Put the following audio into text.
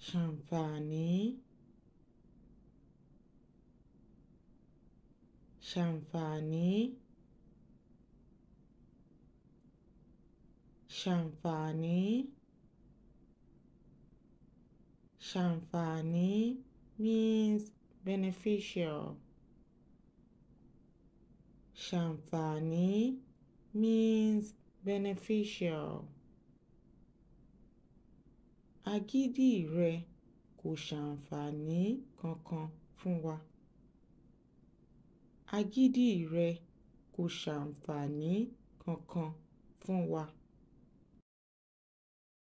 Champagne, champagne, champagne, champagne means beneficial. Champagne means beneficial. agídí rẹ kò ṣàǹfààní kankan fún wa agídí rẹ kò ṣàǹfààní kankan fún wa